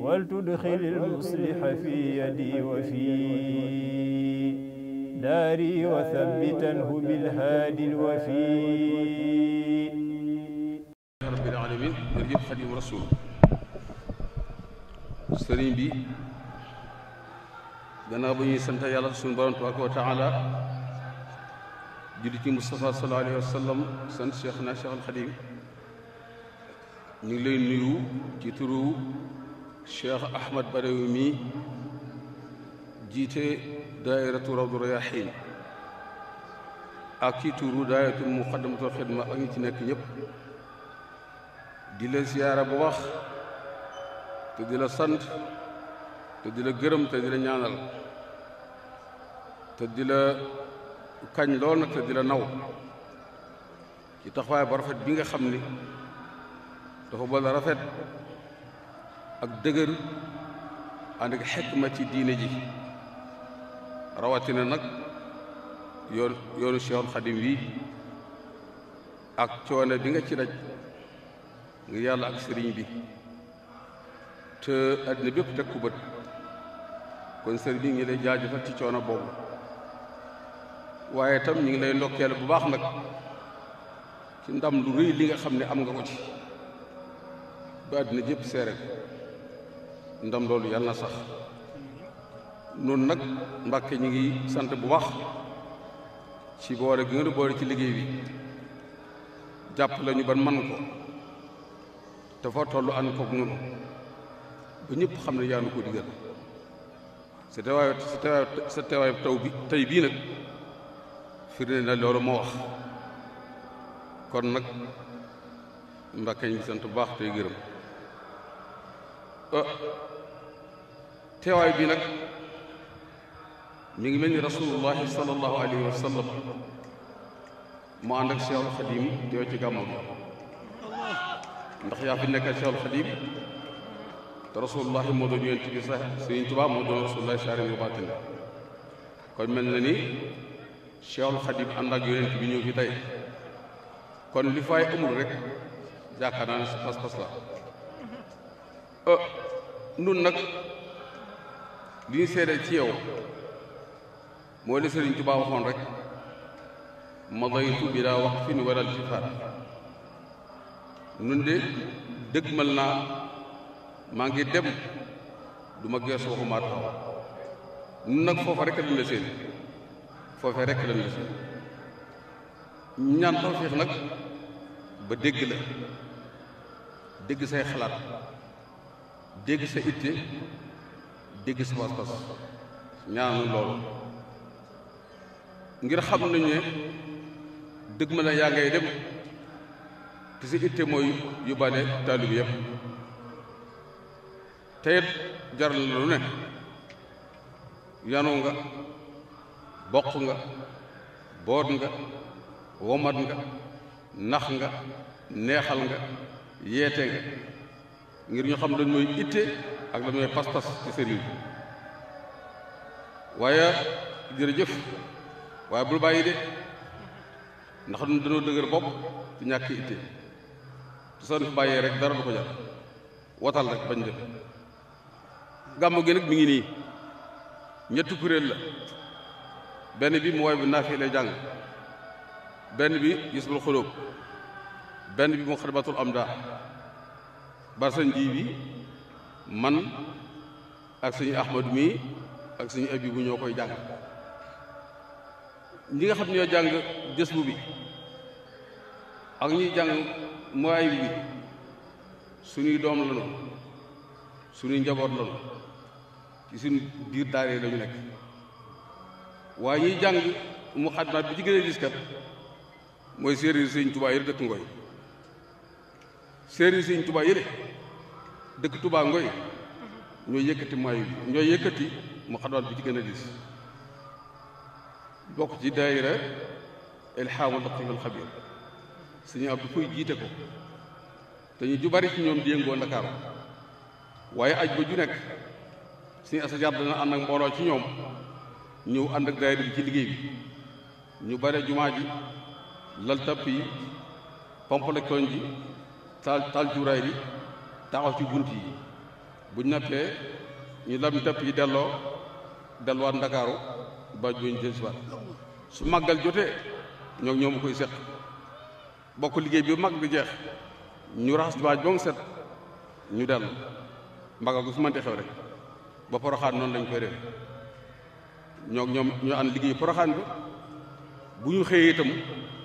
ولتدخل المصلح في يدي وفي داري وثبتنه بالهادي الوفي رب العالمين jërëjëf Xaadimu Rasuul sëriñ bi gannaaw ba ñuy sant yàlla suñu borom tabaaraka wa taala julli ci Mustafa sallallahu alayhi wa sallam sant Cheikhna Cheikh al Xadim ñu ngi lay nuyu ci turu cheikh ahmad barewu mi jiite daairatu rawdu rayaxiin ak kii tuuru daairatu muqaddamatul xidma ak ñi ci nekk ñëpp di la siyaara bu wax te di la sant te di la gërëm te di la ñaanal te di la kañ lool nag te di la naw ci taxawaay ba rafet bi nga xam ni dafa boole rafet ak dëgër ànd ak ma ci diine ji rawatina nag yoon yoonu Seexul Xadim bi ak coono bi nga ci daj ngir yàlla ak sëriñ bi te àddina bépp teg ku bët kon sëriñ bi ngi lay jaajëfal ci coono boobu waaye tam ñu ngi lay ndokkeel bu baax nag ci ndam lu rëy li nga xam ne am nga ko ci ba àddina jëpp seere ndam loolu yàlla na sax noonu nag Mbàkke ñu ngi sant bu baax ci boole gi nga boole ci liggéey bi jàpp lañu ban man ko dafa tollu ànd koog noonu ba ñëpp xam ne yaa nu ko digal sa teewaayu sa teewaayu taw bi tey bii nag firnde na loolu moo wax kon nag Mbàkke ñu ngi sant bu baax tey gërëm ah, teewaay bii nag mi ngi mel ni rasulullahi sallallahu alayhi wa sallam mu ànd ak Cheikhul Khadim ci gàmmu bi ndax yaa fi nekkal Cheikhul Khadim te rasulullahi moo doon yonent bi sax Sëriñ Tuubaa moo doon rasulullahi saarin yu baatin kon mel na ni Cheikhul Khadim ànd ak yonent bi ñëw fi kon li fay amul rek yaakaar naa ne la nun nag li ñu seede ci yow mooy li Sëriñ Tuubaa waxoon rek madaytu bi daa wax fi nu waral ci faat nun de dëgmal naa maa ngi dem du ma gees waxumaa taxaw nun nag foofa rek lañ la seen foofe rek lañ la seen ñu ñaan tawfeex nag ba dégg la dégg say xalaat dégg sa itte dégg si pas-pas ñaanu loolu ngir xam nañu ne dëgg ma la yaa ngay dem te si itte mooy yóbbaale taalib yëpp te it jar na lu ne yanu nga bokk nga boot nga womat nga nax nga neexal nga yeete nga ngir ñu xam lañ mooy itte ak la muy waaye jërëjëf waaye bul bàyyi de ndax ñun dañoo dëgër bopp ci ñàkk itte te fi bàyyee rek dara du ko jar watal rek bañ dem gàmmu gi nag mi ngi nii ñetti kuréel la benn bi mu waay bi naafi lay jàng benn bi yusbul xulóob benn bi mu xadmatul am daa bar sañ ji bi man ak suñu ahmadu mi ak suñu abi bu ñoo koy jàng ñi nga xam ñoo jàng jës bu bi ak ñuy jàng mooy bi suñuy doom lanu suñuy njaboot lanu ci suñu biir daaree lañu nekk waaye ñuy jàng mu xadmaat bi ci gën a kat mooy séeréer sëñ Tuubaa yële dëkk ngooy séeréer sëñ Tuubaa yële dëkk Touba Ngoy ñooy yëkkati maayu bi ñooy yëkkati mu xadwaat bi ci gën a diis bokk ci daayira ilhaamul latiful xabiir sëñ Abdu koy jiite ko te ñu ju bari ci ñoom di yëngoo Ndakaaru waaye aj ba ju nekk sëñ Asajaar dana ànd ak mbooloo ci ñoom ñëw ànd ak daayira bi ci liggéey bi ñu bare jumaa ji lal tapp yi pompe ji taal taal cuuraay bi taxaw ci bunt yi buñ nappee ñu lam tapp yi delloo delluwaat ndakaaru ba bu jël si waat su màggal jotee ñoo ñoom koy set bokk liggéey bi mag bi jeex ñu raxas baaj ba mu set ñu dellu mbagal gu su mënti xew rek ba poroxaan noonu lañ koy def ñoo ñoom ñoo ànd liggéey poroxaan bi bu ñu xëyee tam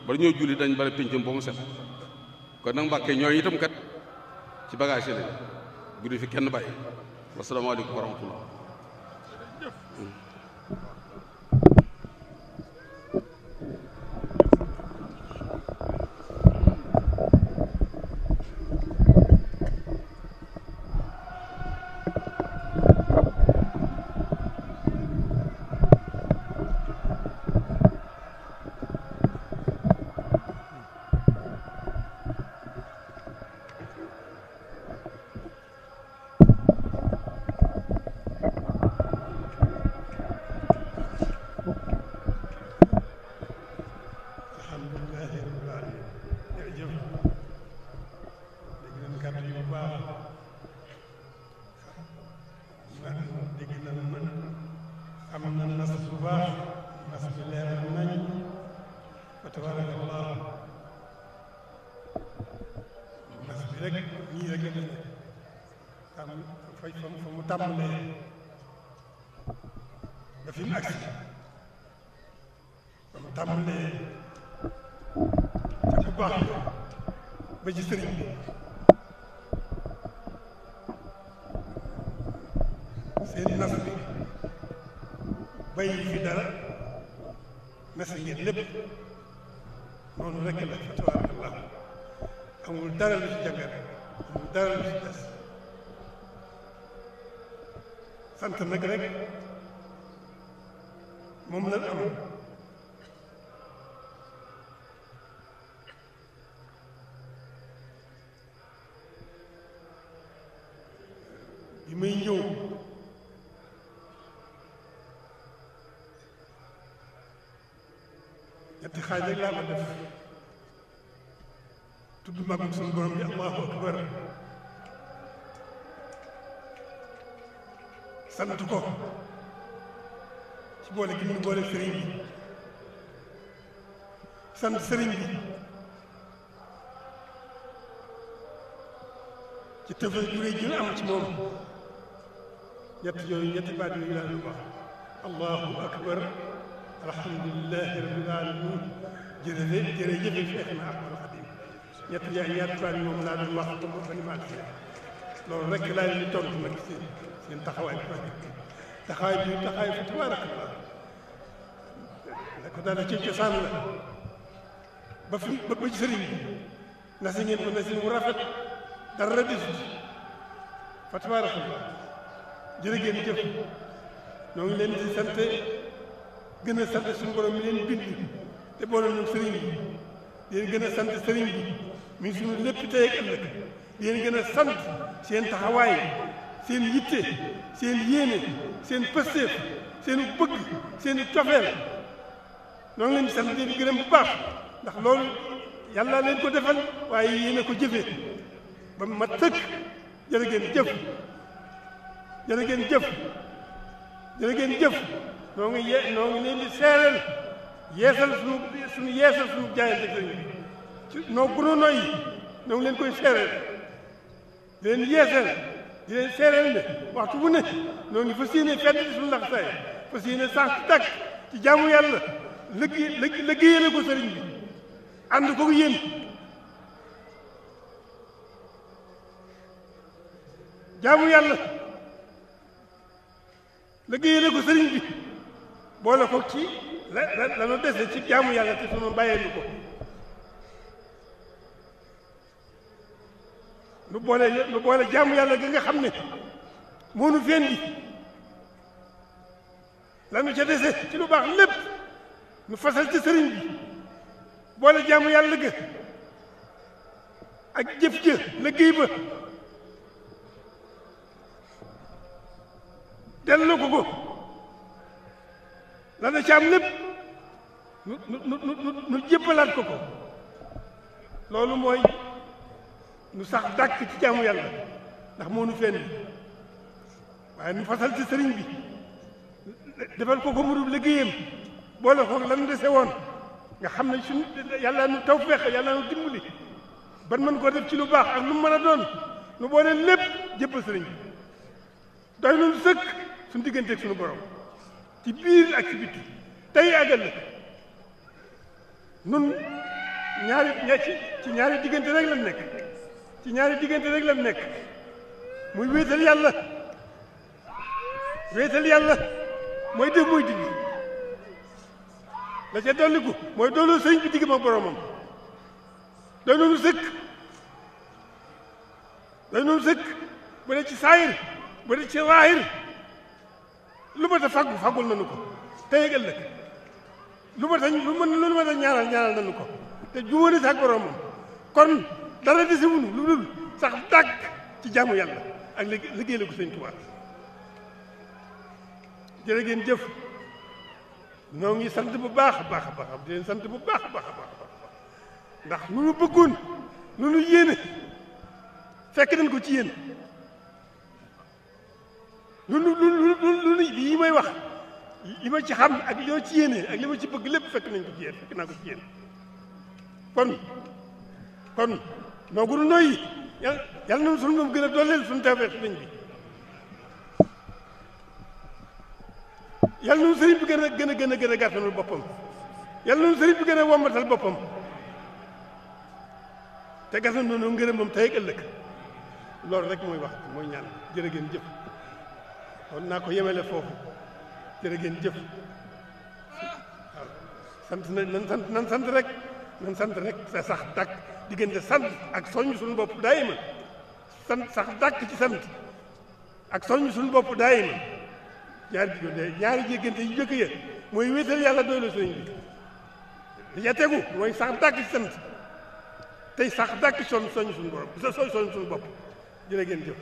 ba ñoo julli dañ bale péncam ba mu set kon nag mbàkkee ñooy itam kat ci bagage yi lañ bu di fi kenn bàyyi wasalaamaaleykum wa rek ñii rek la demee xam fa fa mu tàmbalee ba fi mu agsi fa mu tàmbalee ba ci sëriñ seen nas bi bàyyi fi dara nas ngeen lépp noonu rek la fa tabaarakallah amul dara lu ci jàngat amul dara lu ci des nag rek moom la am bi may ñëw ñetti xaaj rek laa ko def tudd màggug suñu borom bi allahu akbar sant ko ci boole gi ñu boole sëriñ bi sant sëriñ bi ci tëfa juré jël am ci moom ñett yooyu ñetti baat yooyu laa ñu wax allahu akbar alhamdulilahi rabbil alamin jërëjëf jërëjëf ñett ñaar ñaar tubaab yi moom laa doon wax te ba ni ma àgg loolu rek laa leen di tontu nag seen seen taxawaay bi taxawaay bi taxawaay bi tabaarakallah la ko daal ci cosaan ba fi ba ba ci sëriñ bi si ngeen rafet dara desut fa tabaarakallah jërë ngeen jëf ñoo leen di sant gën a sant suñu borom mi leen bind te boole ñoom sëriñ gën a sant sëriñ mi ngi lépp te ak ëllëg di leen gën a sant seen taxawaay seen yitte seen yéene seen pësteef seen bëgg seen cofeel noonu leen di sant di leen gërëm bu baax ndax loolu yàlla leen ko defal waaye yéene ko jëfee ba mat sëkk jërë ngeen jëf jërë ngeen jëf jërë ngeen jëf noo ngi ye noo leen di seereel yeesal suñu suñu yeesal suñu jaayante sëriñ ci noo gunóor nooy yi leen koy seereel di leen yeeseel di leen seereel ne waxtu bu ne ñoo ngi fas yéene fedd di suñu lax saay fas yéene ci tàkk ci jaamu yàlla liggéey liggéeyale ko sëriñ bi ànd ko yéen jaamu yàlla liggéeyale ko sëriñ bi boole ko ci la la la nu dese ci jaamu yàlla te sunu bàyyee nu ko nu boole nu boole jaamu yàlla gi nga xam ne moo nu feen di lanu ca dese ci lu baax lépp nu fasal ci sëriñ bi boole jaamu yàlla ga ak jëf ja liggéey ba delloo ko ko lanu ca lépp nu nu nu nu jébbalaat ko ko loolu mooy nu sax dàkk ci caamu yàlla ndax moo nu fenn waaye nu fasal ci sëriñ bi defal ko ko murub liggéeyam boole xoog lan dese woon nga xam ne suñ yàlla nu tawfeex yàlla nu dimbali ban mën koo def ci lu baax ak lu mën a doon nu boole lépp jéppal sëriñ bi doy nañu sëkk suñu diggante ak suñu borom ci biir ak ci biti tey àggal la nun ñaari ña ci ñaari diggante rek lañ nekk ci ñaari diggante rek lam nekk muy wéetal yàlla wéetal yàlla mooy def mooy digg la ca dolliku mooy dooloo sëñ bi digg ma boromam doy noonu sëkk doy noonu sëkk bu dee ci saayir bu dee ci waayir lu ma ta fàggu fàggul nanu ko tey ak ëllëg lu ma ta lu mën lu ma ta ñaanal ñaanal nanu ko te juwóone sax boromam kon dara dese wunu lu dul sax dàgg ci jaamu yàlla ak liggéey la ko sëñ Tuubaa jërë jëf noo ngi sant bu baax a baax a baax di leen sant bu baax a baax a baax ndax lu nu bëggoon lu nu fekk nañ ko ci yéen lu nu lu lu lii may wax li ma ci xam ak li ma ci yéene ak li ci bëgg lépp fekk nañ ko ci yéen fekk naa ko ci yéen kon kon noo gunu noyyi yal yal na sunu moom gën a dooleel sunu tawfeex sëriñ bi yal na sëriñ bi gën a gën a gën a gën a gàttanul boppam yal na sëriñ bi gën a wombatal boppam te gasam noonu ngërëm moom tey ak loolu rek mooy wax mooy ñaan jërë ngeen jëf kon naa ko yemele foofu jërë ngeen jëf waaw sant nañ nan sant nan sant rek nan sant rek sa sax tàkk diggante sant ak soññ suñu bopp daayima sant sax dàkk ci sant ak soññ suñu bopp daayima ñaari diggante ñaari jéggante yu jëkk ya mooy wéetal yàlla doylu sëriñ bi li ca tegu mooy sax dàkk ci sant tey sax dàkk ci soññ soññ suñu bopp sa soññ soññ suñu bopp jërë ngeen jëf